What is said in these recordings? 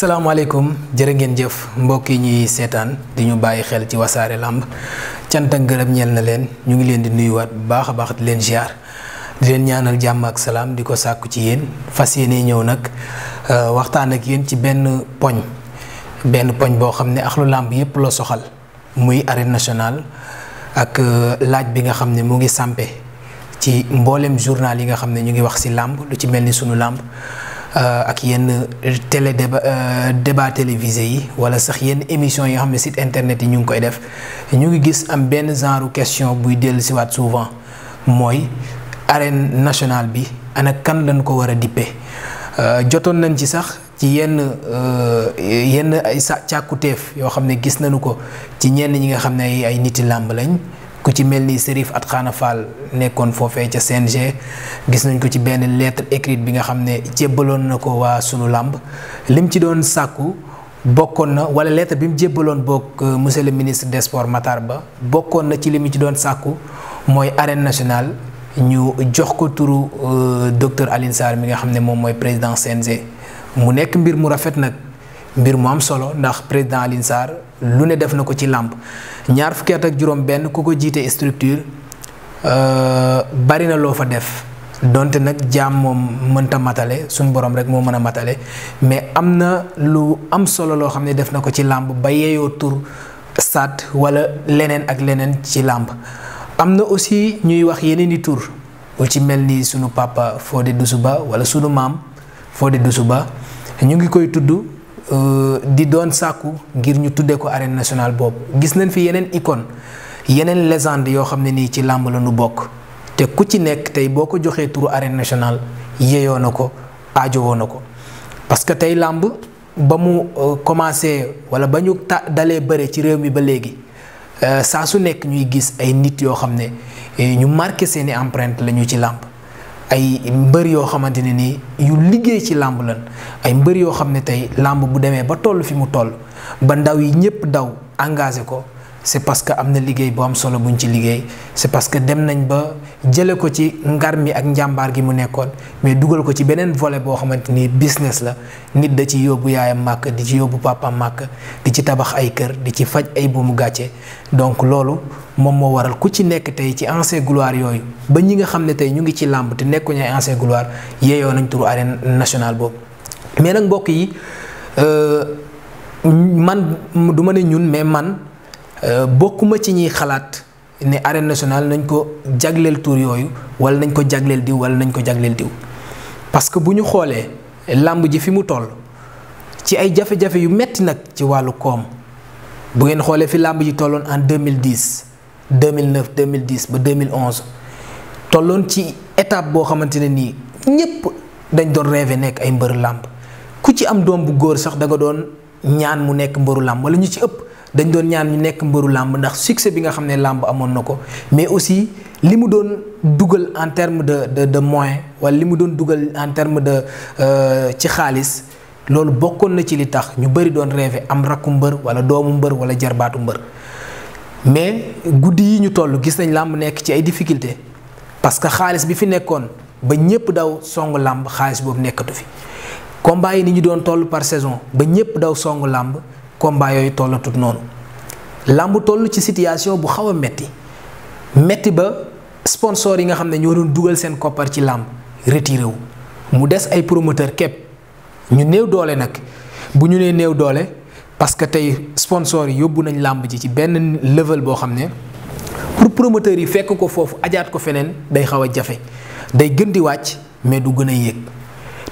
salaamaaleykum jërë ngeen jëf mbokk yi ñuy seetaan di ñu bàyyi xel ci wasaare làmb cant ak gërëm ñeel na leen ñu ngi leen di nuyuwaat bu baax a baax di leen ziar di leen ñaanal jàmm ak salaam di ko sàkku ci yéen fas yéene ñëw nag euh, waxtaan ak yéen ci benn poñ benn poñ boo xam ne axlu làmb yépp la soxal muy arène national ak euh, laaj bi nga xam ne mu ngi sampe ci mboolem journal yi nga xam ne ñu ngi wax ci làmb lu ci mel ni sunu làmb Euh, ak yenn euh, télé débat euh, débat télévisé yi wala sax yenn émission yoo xam ne site internet yi ñu ngi koy def ñu ngi gis am benn genre question buy dellu siwaat souvent mooy arène nationale bi ana kan lañ ko war a dippe jotoon nañ ci sax ci yenn yenn ay sa càkkutéef yoo xam ne gis nañu ko ci ñenn ñi nga xam ne ay niti làmb lañ ku ci mel ni Serif Atkhana Fall nekkoon foofee ca CNG gis nañ ko ci benn lettre écrite bi nga xam ne jébbaloon na ko waa sunu làmb lim ci doon sàkku bokkoon na wala lettre bi mu jébbaloon bokk euh, monsieur le ministre des sports Matar Ba bokkoon na ci li mu ci doon sàkku mooy arène nationale ñu jox ko turu euh, docteur Alioune Sarr mi nga xam ne moom mooy président CNG mu nekk mbir mu rafet nag mbir mu am solo ndax président Alioune lu ne def na ko ci làmb ñaar fukki at ak juróom benn ku ko jiite structure euh, bari na loo fa def donte nag jaam moom mënta matale suñ borom rek moo mën a matale mais am na lu am solo loo xam ne def na ko ci làmb ba yeeyoo tur sat wala leneen ak leneen ci làmb am na aussi ñuy wax yeneen i tur lu ci mel ni sunu papa Fodé Doussouba wala suñu maam Fodé Doussouba ñu ngi koy tudd Euh, di doon sàkku ngir ñu tuddee ko arène nationale boobu gis nañ fi yeneen icône yeneen légende yoo xam ne nii ci làmb la ñu bokk te ku ci nekk tey boo ko joxee turu arène nationale yeyoo na ko aajowoo na ko parce que tey làmb ba mu euh, commencé wala ba ñu ta dalee bëre ci réew mi ba léegi euh, saa su nekk ñuy gis ay nit yoo xam ne ñu marqué seeni empreinte la ñu ci làmb ay mbër yoo xamante ne nii yu liggéey ci làmb la ay mbër yoo xam ne tey làmb bu demee ba toll fi mu toll ba ndaw yi ñépp daw engagé ko c'est parce que am na liggéey bu am solo buñ ci liggéey c'est parce que dem nañ ba jële ko ci ngar mi ak njàmbaar gi mu nekkoon mais dugal ko ci beneen vole boo xamante ni business la nit da ci yóbbu yaayam màkk di ci yóbbu papa màkk di ci tabax ay kër di ci faj ay buumu gàcce donc loolu moom moo waral ku ci nekk tey ci ancien gloire yooyu ba ñi nga xam ne tey ñu ngi ci làmp te nekkuñu ay ancien gloire yeeyoo nañ turu arène nationale boobu mais euh, ma ne ñun mais man. Euh, bokkuma ci ñiy xalaat ne arène nationale nañ ko jagleel tour yooyu wala nañ ko jagleel diw wala nañ ko jagleel diw parce que bu ñu xoolee làmb ji fi mu toll ci ay jafe-jafe yu metti nag ci wàllu koom bu ngeen xoolee fi làmb ji tolloon en 2010 2009 2010 ba 2011 tolloon ci étape boo xamante ne nii ñépp dañ doon rêvé nekk ay mbëru làmb ku ci am doom bu góor sax da nga doon ñaan mu nekk mbëru làmb wala ñu ci ëpp dañ doon ñaan ñu nekk mbëru làmb ndax succès bi nga xam ne làmb amoon na ko mais aussi li mu doon dugal en terme de de de moyen wala li mu doon dugal en terme de euh, ci xaalis loolu bokkoon na ci li tax ñu bëri doon rêvé am rakku mbër wala doomu mbër wala jarbaatu mbër mais guddi yi ñu toll gis nañ làmb nekk ci ay difficulté parce que xaalis bi fi nekkoon ba ñëpp daw songu làmb xaalis boobu nekkatu fi combat yi ni ñu doon toll par saison ba ñëpp daw songu làmb combat yooyu tollatut noonu làmb toll ci situation bu xaw a metti metti ba sponsor yi nga xam ne ñoo doon dugal seen koppar ci làmb retiré wu mu des ay promoteur képp ñu néew doole nag bu ñu nee néew doole parce que tey sponsor yi yóbbu nañ làmb ji ci benn level boo xam ne pour promoteurs yi fekk ko foofu ajaat ko feneen day xaw a jafe day gën di wàcc mais du gën a yéeg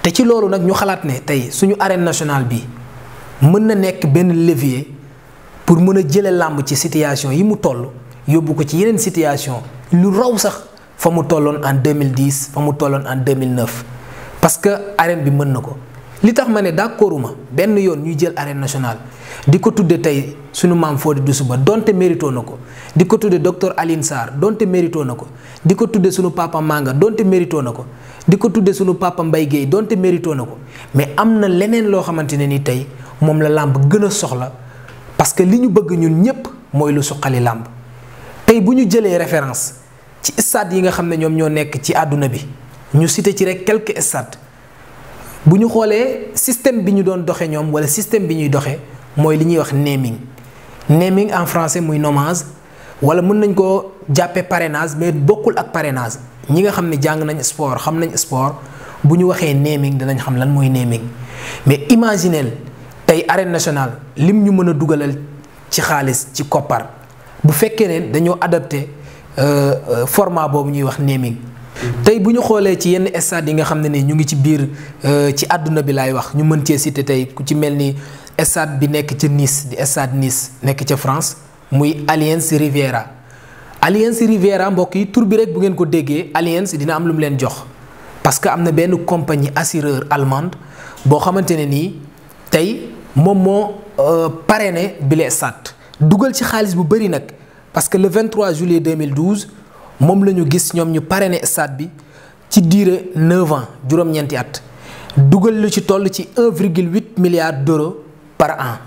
te ci loolu nag ñu xalaat ne tey suñu arène nationale bi mën na nekk benn levier pour mën a jële làmb ci situation yi mu toll yóbbu ko ci yeneen situation lu raw sax fa mu tolloon en 2010 fa mu tolloon en 2009 parce que arène bi mën na ko li tax ma ne d'accorduma benn yoon ñuy jël arène national di ko tudde tey suñu maam du suba donte mérito na ko di ko tudde docteur alin Sarr donte mérito na ko di ko tudde suñu papa Manga donte mérito na ko di ko tudde suñu papa Mbaye Guèye donte mérito na ko mais am na leneen loo xamante ne ni tey moom la làmb gën a soxla parce que li ñu bëgg ñun ñépp mooy lu suqali làmb tey bu ñu jëlee référence ci stade yi nga xam ne ñoom ñoo nekk ci àdduna bi ñu cité ci rek quelques stades bu ñu xoolee système bi ñu doon doxe ñoom wala système bi ñuy doxe mooy li ñuy wax naming naming en français muy nommage wala mën nañ koo jàppee parrainage mais bokkul ak parrainage ñi nga xam ne jàng nañ sport xam nañ sport bu ñu waxee naming dinañ xam lan mooy naming mais imaginez tey nationale lim ñu mën a dugalal ci xaalis ci koppar bu fekkee ne dañoo adapté euh, euh, format boobu ñuy wax naming tey bu ñu xoolee ci yenn stade yi nga xam ne ni ñu ngi ci biir euh, ci àdduna bi laay wax ñu mën cee cité tey ku ci mel ni stade bi nekk ca Nice di stade Nice nekk ca France muy Allianz Riviera Allianz Riviera mbokk yi tur bi rek bu ngeen ko déggee Allianz dina am lu mu leen jox parce que am na benn compagnie assureur allemande boo xamante moom moo euh, parrainé bile stade dugal ci xaalis bu bëri nag parce que le 23 juillet 2012 moom la ñu gis ñoom ñu pare ne stade bi ci diire 9 ans juróom-ñeenti at dugal lu ci toll ci 1,8 milliard d'euros par an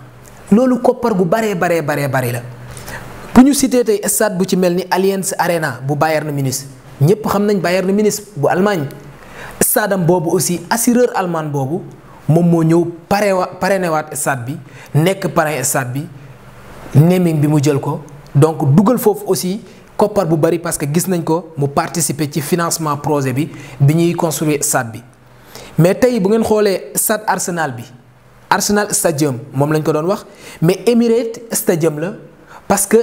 loolu koppar gu baree baree baree bari la bu ñu cité tey stade bu ci mel ni Allianz Arena bu Bayern ministre ñëpp xam nañ Bayern ministre bu Allemagne stade boobu aussi assureur allemand boobu. moom moo ñëw parewa parenewaat stade bi nekk parrain stade bi naming bi mu jël ko donc dugal foofu aussi koppar bu bari parce que gis nañ ko mu participer ci financement projet bi bi ñuy construire stade bi mais tey bu ngeen xoolee stade Arsenal bi Arsenal stadium moom lañ ko doon wax mais Emirates stadium la parce que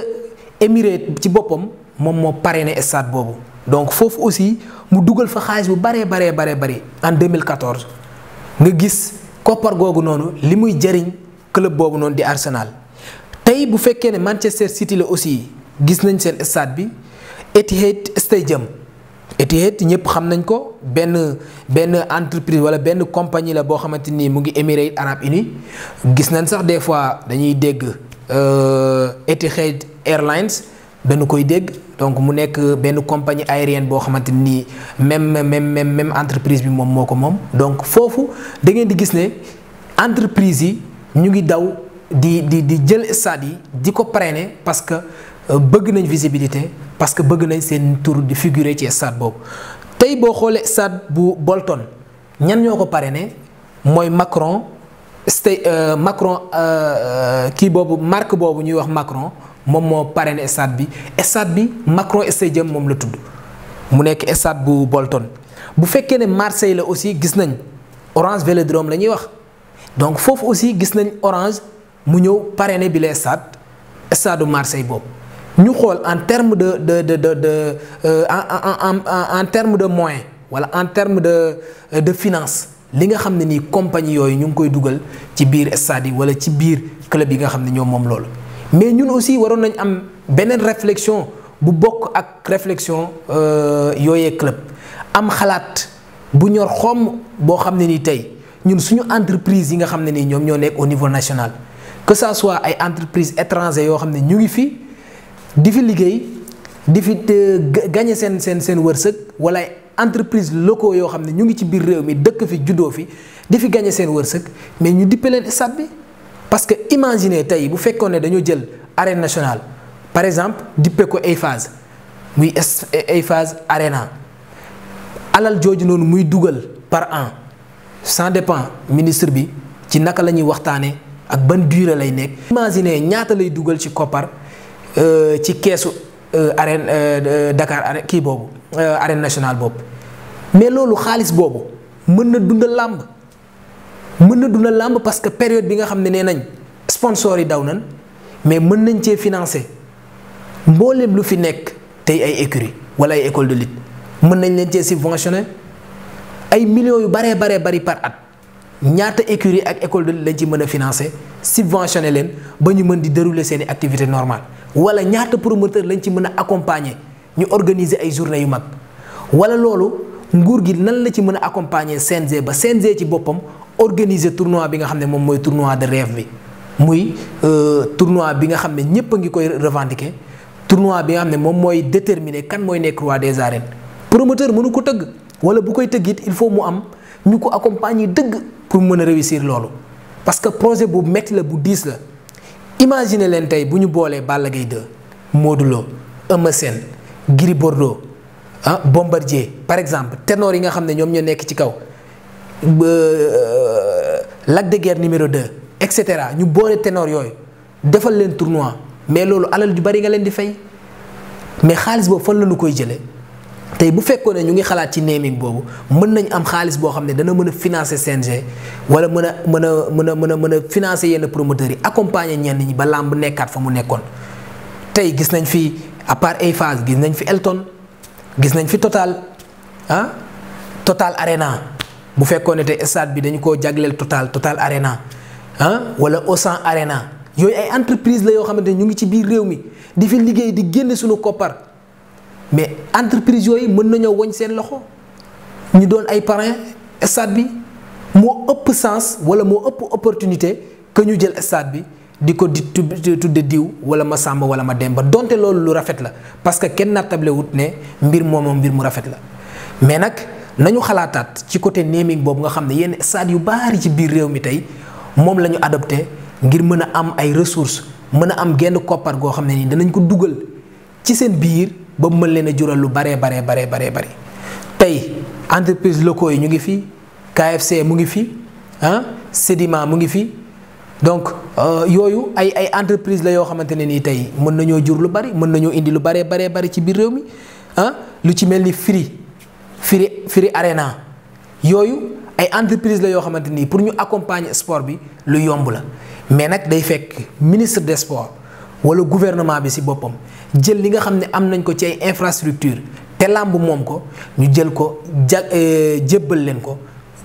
Emirates ci boppam moom moo parrainé stade boobu donc foofu aussi mu dugal fa xaalis bu baree baree baree bari en 2014. nga gis koppar googu noonu li muy jariñ club boobu noonu di Arsenal tey bu fekkee ne Manchester City la aussi gis nañ seen stade bi Etihad Stadium Etihad ñëpp xam nañ ko benn benn entreprise wala benn compagnie la boo xamante nii mu ngi Émirats Arabes uni gis nañ sax des fois dañuy dégg euh, Etihad Airlines. dañu koy dégg donc mu nekk benn compagnie aérienne boo xamante ni même même même même entreprise bi moom moo ko moom donc foofu da ngeen di gis ne entreprise yi ñu ngi daw di di di jël stade yi di ko parrainer parce que euh, bëgg nañ visibilité parce que bëgg nañ seen tour di figurer ci stade boobu tey boo xoolee stade bu Bolton ñan ñoo ko ne mooy Macron stade euh, Macron euh, kii boobu marque boobu ñuy wax Macron. moom moo parrainé stade bi stade bi Macron Stadium moom la tudd mu nekk stade bu Bolton bu fekkee ne Marseille la aussi gis nañ Orange Vélodrome la ñuy wax donc foofu aussi gis nañ Orange mu ñëw pare ne bi les stade stade Marseille boobu ñu xool en terme de de de de de euh, en en terme de moyen wala en terme de de finance li nga xam ne nii compagnie yooyu ñu ngi koy dugal ci biir stade yi wala ci biir club yi nga xam ne ñoom moom loolu. mais ñun aussi waroon nañ am beneen réflexion bu bokk ak réflexion euh, yooyee club am xalaat bu ñor xomm boo xam ne ni tey ñun suñu entreprise yi nga xam ne nii ñoom ñoo nekk au niveau national que ça soit ay entreprise étrangère yoo xam ne ñu ngi fi di fi liggéey di fi gagné seen seen seen wërsëg wala entreprise locaux yoo xam ne ñu ngi ci biir réew mi dëkk fi juddoo fi di fi gagné seen wërsëg mais ñu dippe leen bi parce que imaginez tey bu fekkoon ne dañoo jël arène nationale par exemple dippe ko ay phase muy ay phase arena alal jooju noonu muy dugal par an ça dépend ministre bi ci naka la ñuy waxtaanee ak ban durée lay nekk. imaginez ñaata lay dugal ci koppar euh, ci keesu euh, arène euh, Dakar kii boobu arène nationale boobu mais loolu xaalis boobu mën na dundal làmb. mën na dundal làmb parce que période bi nga xam ne nee nañ sponsors yi daw nan mais mën nañ cee financer mboolem lu fi nekk tey ay écurie wala ay école de lutte mën nañ leen cee subventionné ay millions yu baree baree bari par at ñaata écurie ak école de lutte lañ ci mën a financer subventionné leen ba ñu mën di dérouler seeni i activité normale wala ñaata promoteur lañ ci mën a accompagner ñu organiser ay journée yu mag wala loolu nguur gi nan la ci mën a accompagner CNG ba CNG ci boppam organiser tournoi bi nga xam ne moom mooy tournoi de rêve bi muy euh, tournoi bi nga xam ne ñëpp a ngi koy revendiquer tournoi bi nga xam ne moom mooy déterminer kan mooy nekk roi des arènes promoteur mënu ko tëgg wala bu koy tëgg it il faut mu am ñu ko accompagner dëgg pour mën a réussir loolu parce que projet bu métti la bu diis la imagine leen tey bu ñu boolee Balla Gaye 2 Modou Lo Eumeu Sène Gris Bordeaux ah Bombardier par exemple ténor yi nga xam ne ñoom ñoo nekk ci kaw Euh, Lac de Guerre numéro 2 et cetera ñu boole tenoor yooyu defal leen tournoi mais loolu alal ju bari nga leen di fay mais xaalis boobu fan la ñu koy jëlee tey bu fekkoon ne ñu ngi xalaat ci naming boobu mën nañ am xaalis boo xam ne dana mën a financer CNG wala mën a mën a mën a mën a mën a financer yenn promoteurs yi accompagner ñenn ñi ba làmb nekkaat fa mu nekkoon tey gis nañ fi à part phase gis nañ fi Elton gis nañ fi Total ah Total Arena. bu fekkoon ne te stade bi dañu koo jagleel total total arena ah wala Auchan arena yooyu ay entreprise la yoo xamante ne ñu ngi ci biir réew mi di fi liggéey di génne suñu koppar mais entreprise yooyu mën nañoo woñ seen loxo ñu doon ay parrain stade bi moo ëpp sens wala moo ëpp opportunité que ñu jël stade bi di ko di tudd diw wala ma sàmba wala ma demba donte loolu lu rafet la parce que kenn nattable wut ne mbir moomoom mbir mu rafet la mais nag nañu xalaataat ci côté naming boobu nga xam ne yenn stade yu baari ci biir réew mi tey moom la ñu adopté ngir mën a am ay ressources mën a am genn koppar goo xam ne nii danañ ko dugal ci seen biir ba mu mën leen a jural lu baree baree baree baree bari tey entreprise locaux yi ñu ngi fi KFC mu ngi fi ah Sedima mu ngi fi donc euh, yooyu ay ay entreprise la yoo xamante ne nii tey mën nañoo jur lu bari mën nañoo indi lu baree baree bari ci biir réew mi ah lu ci mel ni Free Firi Firi Arena yooyu ay entreprise la yoo xamante nii pour ñu accompagner sport bi lu yomb la mais nag day fekk ministre des sports wala gouvernement bi ci boppam jël li nga xam ne am nañ ko ci ay infrastructure te làmb moom ko ñu jël ko ja euh, jébbal leen ko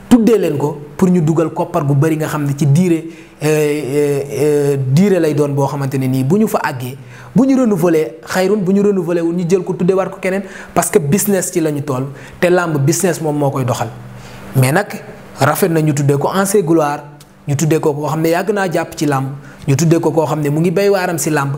tuddee leen ko pour ñu dugal koppar gu bëri nga xam ne ci diire euh, euh, euh, diire lay doon boo xamante ne nii bu ñu fa àggee bu ñu renouveler xayrun bu ñu renouveler wu ñu jël ko tuddewaat ko keneen parce que business ci la ñu toll te làmb business moom moo koy doxal mais nag rafet na ñu tuddee ko ancien gloire ñu tuddee ko koo xam ne yàgg naa jàpp ci làmb ñu tuddee ko koo xam ne mu ngi béy waaram si làmb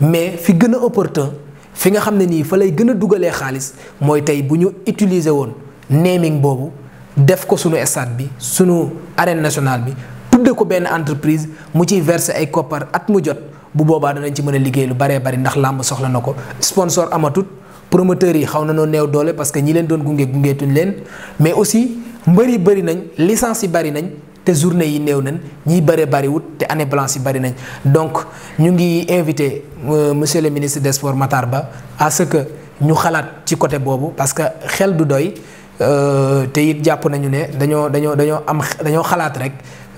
mais fi gën a opportun fi nga xam ne nii fa lay gën a dugalee xaalis mooy tey bu ñu utiliser woon naming boobu. def ko sunu stade bi sunu arène nationale bi tudde ko benn entreprise mu ciy verser ay koppar at mu jot bu boobaa danañ ci mën a liggéey lu baree bari ndax làmb soxla na ko sponsor amatut promoteurs yi xaw na noo neew doole parce que ñi leen doon gunge gungeetuñ leen mais aussi mbëri yi bëri nañ licence yi bari nañ te journée yi néew nañ ñi bëree bëriwut te année blanche yi bëri nañ donc ñu ngi invité euh, monsieur le ministre des sports Matar Ba à ce que ñu xalaat ci côté boobu parce que xel du doy Euh, te it jàpp nañu ne dañoo dañoo dañoo am dañoo xalaat rek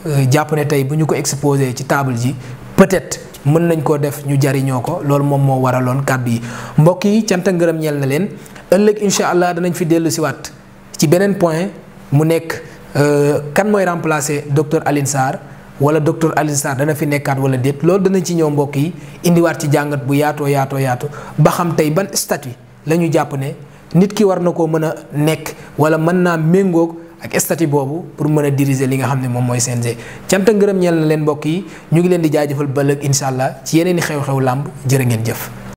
euh, jàpp ne tey bu ñu ko exposé ci table ji peut-être mën nañ koo def ñu jariñoo ko loolu moom moo waraloon kàddu yi mbokk yi cant ak ngërëm ñeel na leen ëllëg incha allah danañ fi dellu siwaat ci beneen point mu nekk euh, kan mooy remplacer docteur Alioune Sarr wala docteur Alioune Sarr dana fi nekkaat wala déet loolu danañ ci ñëw mbokk yi indiwaat ci jàngat bu yaatoo yaatoo yaatu ba xam tey ban statut la ñu jàpp ne. nit ki war na koo mën a nekk wala mën naa méngook ak statut boobu pour mën a diriger li nga xam ne moom mooy change cant ak ngërëm ñeel na leen mbokk yi ñu ngi leen di jaajëfal ba ëllëg incha allah ci yeneen i xew-xew làmb jërë ngeen jëf.